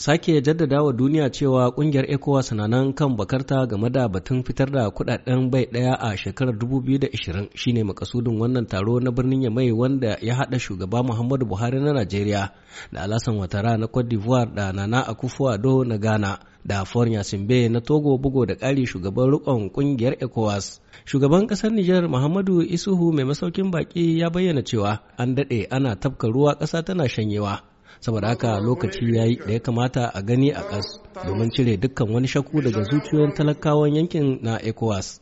sake jaddada wa duniya cewa kungiyar ECOWAS na nan kan bakarta game da batun fitar da kudaden bai daya a shekarar 2020 shine makasudin wannan taro na birnin Yamai wanda ya hada shugaba Muhammadu Buhari na Najeriya da Alasan Watara na Cote d'Ivoire da Nana Akufo-Addo na Ghana da Fonya Simbe na Togo bugo da kari shugaban rikon kungiyar ECOWAS. Shugaban ƙasar Nijar Muhammadu Isuhu mai masaukin baki ya bayyana cewa an daɗe ana tafka ruwa ƙasa tana shanyewa. saboda haka lokaci ya yi da ya kamata a gani a ƙas domin cire dukkan wani shakku daga zuciyoyin talakawan yankin na ecowas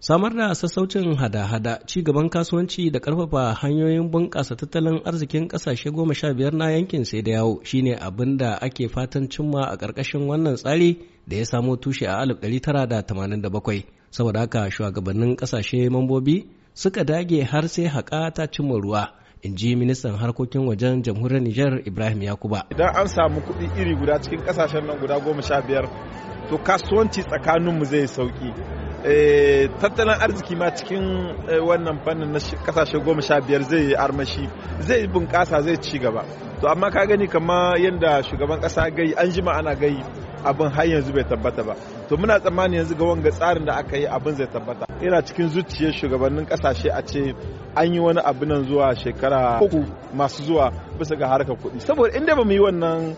samar da sassaucin hada-hada ci gaban kasuwanci da karfafa hanyoyin bunƙasa tattalin arzikin ƙasashe goma sha biyar na yankin sai da yawo shine abin da ake fatan cimma a ƙarƙashin wannan tsari da ya samo tushe a 1987 saboda haka shugabannin kasashe mambobi suka dage har sai haƙa ta cimma ruwa in ji ministan harkokin wajen jamhuriyar Nijar Ibrahim Yakuba. Idan an samu kuɗi iri guda cikin kasashen nan guda goma sha biyar to kasuwanci tsakaninmu zai sauki. Eh, tattalin arziki ma cikin eh, wannan fannin na kasashe goma sha biyar zai yi armashi zai bunƙasa zai ci gaba to amma ka gani kama yadda shugaban ƙasa gai an jima ana gai abin har yanzu bai tabbata ba to muna tsammani yanzu ga wanga tsarin da aka yi abin zai tabbata yana cikin zuciyar shugabannin kasashe a ce an yi wani abu nan zuwa shekara uku masu zuwa bisa ga harkar kuɗi saboda inda ba mu yi wannan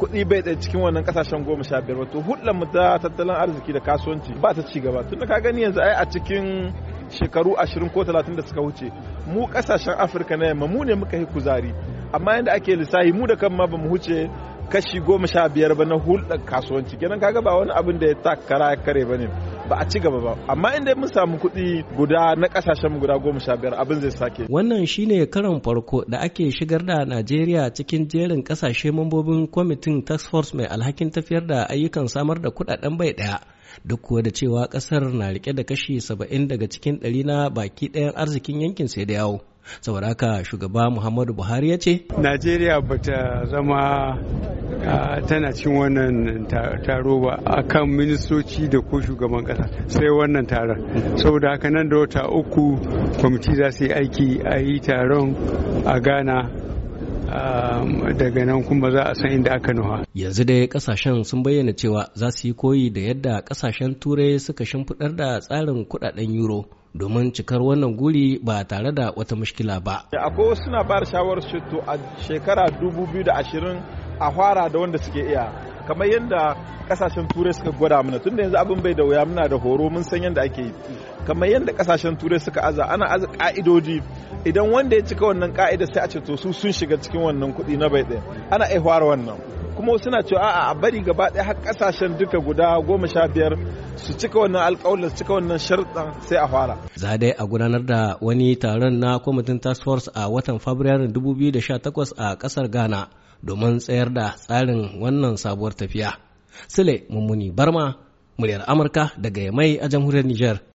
kuɗi bai ɗaya cikin wannan kasashen goma sha biyar ba to hulɗar mu ta tattalin arziki da kasuwanci ba ta ci gaba tun da ka gani yanzu ai a cikin shekaru ashirin ko talatin da suka wuce mu kasashen afirka na yamma mu ne muka yi kuzari amma yadda ake lissahi mu da kan ma ba mu huce kashi goma sha biyar ba na hulɗar kasuwanci kenan kaga ba wani abin da ya takara kare ba ne ba a ci gaba ba amma inda mun samu kuɗi guda na ƙasashen guda goma sha biyar abin zai sake wannan shine karan farko da ake shigar da najeriya cikin jerin ƙasashe mambobin kwamitin task force mai alhakin tafiyar da ayyukan samar da kuɗaɗen bai ɗaya duk kuwa da cewa ƙasar na rike da kashi saba'in daga cikin ɗari na baki ɗayan arzikin yankin sai da yawo saboda haka shugaba muhammadu buhari ya ce najeriya ba ta zama tana cin wannan taro ba akan ministoci da ko shugaban kasa sai wannan taron saboda haka nan da wata uku kwamiti za su yi aiki a yi taron a ghana daga nan kuma za a san inda aka nuha. Yanzu dai kasashen sun bayyana cewa za su yi koyi da yadda kasashen turai suka shimfiɗar da tsarin kuɗaɗen euro. domin cikar wannan guri ba tare da wata mushkila ba. Akwai wasu suna bayar shawarar to a shekara 2020 a fara da wanda suke iya kamar yadda kasashen turai suka gwada mana tunda yanzu abin bai da wuya muna da horo mun san yadda ake yi kamar yadda kasashen turai suka aza ana aza ka'idoji idan wanda ya cika wannan ka'ida sai a ce to su sun shiga cikin wannan kuɗi na bai ɗaya ana iya fara wannan kuma wasu na cewa a bari gaba ɗaya har kasashen duka guda goma sha biyar su cika wannan alƙawalin su cika wannan sharɗin sai a fara. Za dai a gudanar da wani taron na kwamitin task force a watan Fabrairun 2018 a ƙasar Ghana domin tsayar da tsarin wannan sabuwar tafiya. sile Mummuni Barma, muryar Amurka daga Yamai a jamhuriyar Nijar.